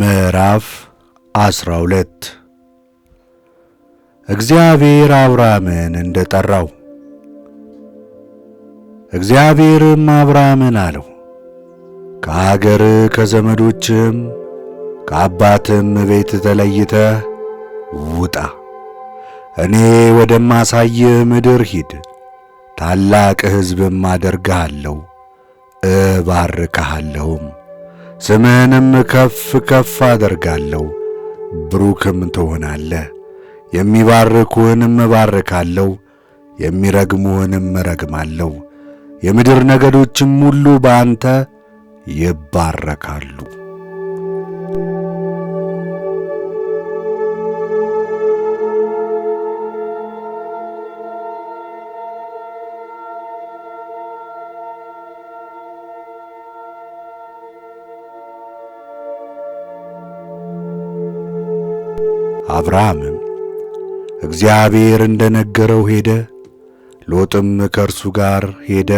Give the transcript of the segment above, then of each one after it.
ምዕራፍ 12 እግዚአብሔር አብራምን እንደ ጠራው። እግዚአብሔርም አብርሃምን አለው፣ ከአገር ከዘመዶችም ከአባትም ቤት ተለይተህ ውጣ፣ እኔ ወደማሳይህ ምድር ሂድ፣ ታላቅ ሕዝብም አደርግሃለሁ፣ እባርክሃለሁም ስምህንም ከፍ ከፍ አደርጋለሁ፣ ብሩክም ትሆናለህ። የሚባርኩህንም እባርካለሁ፣ የሚረግሙህንም እረግማለሁ። የምድር ነገዶችም ሁሉ በአንተ ይባረካሉ። አብርሃምም እግዚአብሔር እንደ ነገረው ሄደ። ሎጥም ከእርሱ ጋር ሄደ።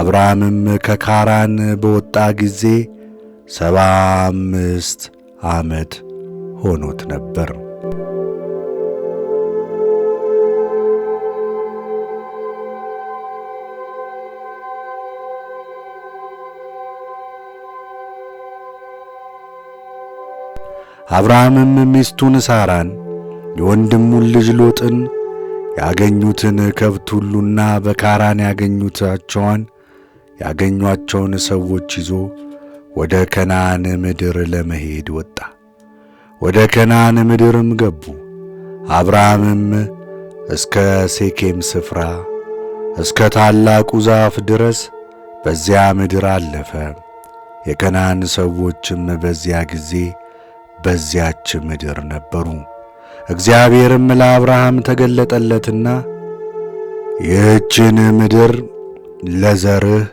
አብርሃምም ከካራን በወጣ ጊዜ ሰባ አምስት ዓመት ሆኖት ነበር። አብርሃምም ሚስቱን ሳራን የወንድሙን ልጅ ሎጥን ያገኙትን ከብት ሁሉና በካራን ያገኙታቸዋን ያገኟቸውን ሰዎች ይዞ ወደ ከነዓን ምድር ለመሄድ ወጣ። ወደ ከነዓን ምድርም ገቡ። አብርሃምም እስከ ሴኬም ስፍራ እስከ ታላቁ ዛፍ ድረስ በዚያ ምድር አለፈ። የከነዓን ሰዎችም በዚያ ጊዜ በዚያች ምድር ነበሩ። እግዚአብሔርም ለአብርሃም ተገለጠለትና ይህችን ምድር ለዘርህ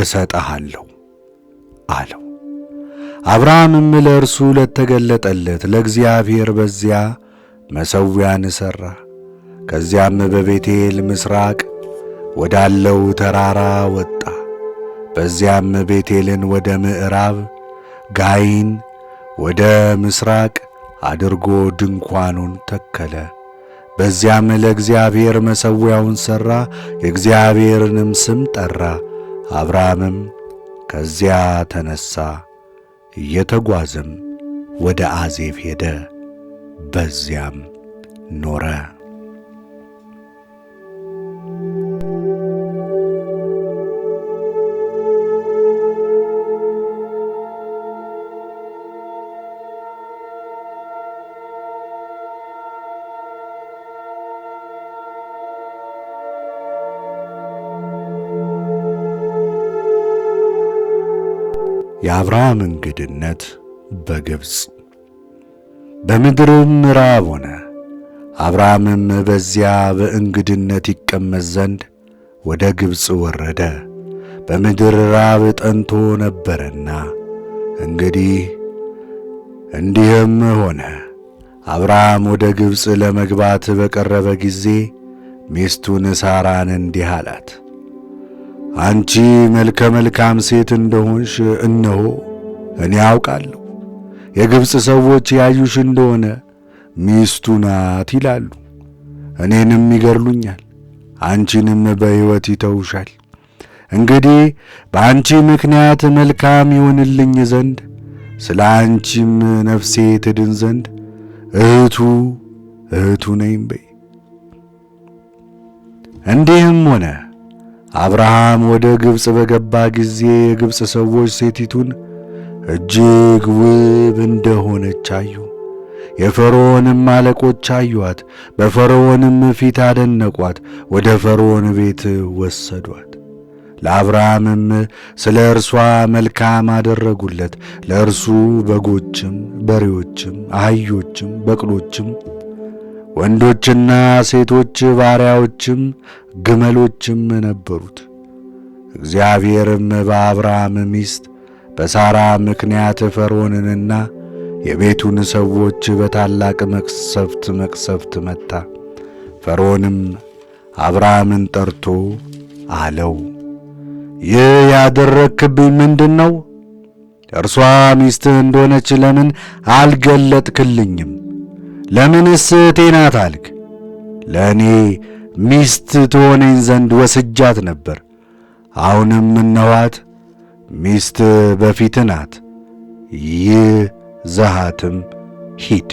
እሰጠሃለሁ አለው። አብርሃምም ለእርሱ ለተገለጠለት ለእግዚአብሔር በዚያ መሠዊያን ሠራ። ከዚያም በቤቴል ምስራቅ ወዳለው ተራራ ወጣ። በዚያም ቤቴልን ወደ ምዕራብ ጋይን ወደ ምስራቅ አድርጎ ድንኳኑን ተከለ። በዚያም ለእግዚአብሔር መሠዊያውን ሠራ፣ የእግዚአብሔርንም ስም ጠራ። አብርሃምም ከዚያ ተነሣ፣ እየተጓዘም ወደ አዜብ ሄደ፣ በዚያም ኖረ። የአብርሃም እንግድነት በግብፅ በምድርም ራብ ሆነ። አብርሃምም በዚያ በእንግድነት ይቀመጥ ዘንድ ወደ ግብፅ ወረደ፣ በምድር ራብ ጠንቶ ነበረና። እንግዲህ እንዲህም ሆነ አብርሃም ወደ ግብፅ ለመግባት በቀረበ ጊዜ ሚስቱን ሳራን እንዲህ አላት አንቺ መልከ መልካም ሴት እንደሆንሽ እነሆ እኔ አውቃለሁ። የግብፅ ሰዎች ያዩሽ እንደሆነ ሚስቱ ናት ይላሉ። እኔንም ይገድሉኛል፣ አንቺንም በሕይወት ይተውሻል። እንግዲህ በአንቺ ምክንያት መልካም ይሆንልኝ ዘንድ ስለ አንቺም ነፍሴ ትድን ዘንድ እህቱ እህቱ ነኝ በይ። እንዲህም ሆነ አብርሃም ወደ ግብፅ በገባ ጊዜ የግብፅ ሰዎች ሴቲቱን እጅግ ውብ እንደሆነች አዩ። የፈርዖንም አለቆች አዩአት፣ በፈርዖንም ፊት አደነቋት፣ ወደ ፈርዖን ቤት ወሰዷት። ለአብርሃምም ስለ እርሷ መልካም አደረጉለት። ለእርሱ በጎችም፣ በሬዎችም፣ አህዮችም፣ በቅሎችም ወንዶችና ሴቶች ባሪያዎችም ግመሎችም ነበሩት። እግዚአብሔርም በአብርሃም ሚስት በሳራ ምክንያት ፈርዖንንና የቤቱን ሰዎች በታላቅ መቅሰፍት መቅሰፍት መታ። ፈርዖንም አብርሃምን ጠርቶ አለው፣ ይህ ያደረግክብኝ ምንድን ነው? እርሷ ሚስትህ እንደሆነች ለምን አልገለጥክልኝም? ለምንስ ቴና ታልክ? ለእኔ ሚስት ትሆነኝ ዘንድ ወስጃት ነበር። አሁንም እነኋት፣ ሚስት በፊት ናት። ይህ ዘሃትም ሂድ።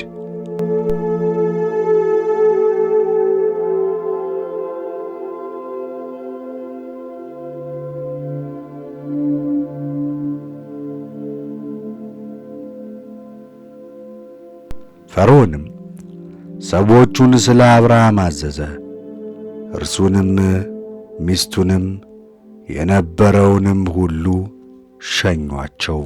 ፈርዖንም ሰዎቹን ስለ አብርሃም አዘዘ። እርሱንም ሚስቱንም የነበረውንም ሁሉ ሸኟቸው።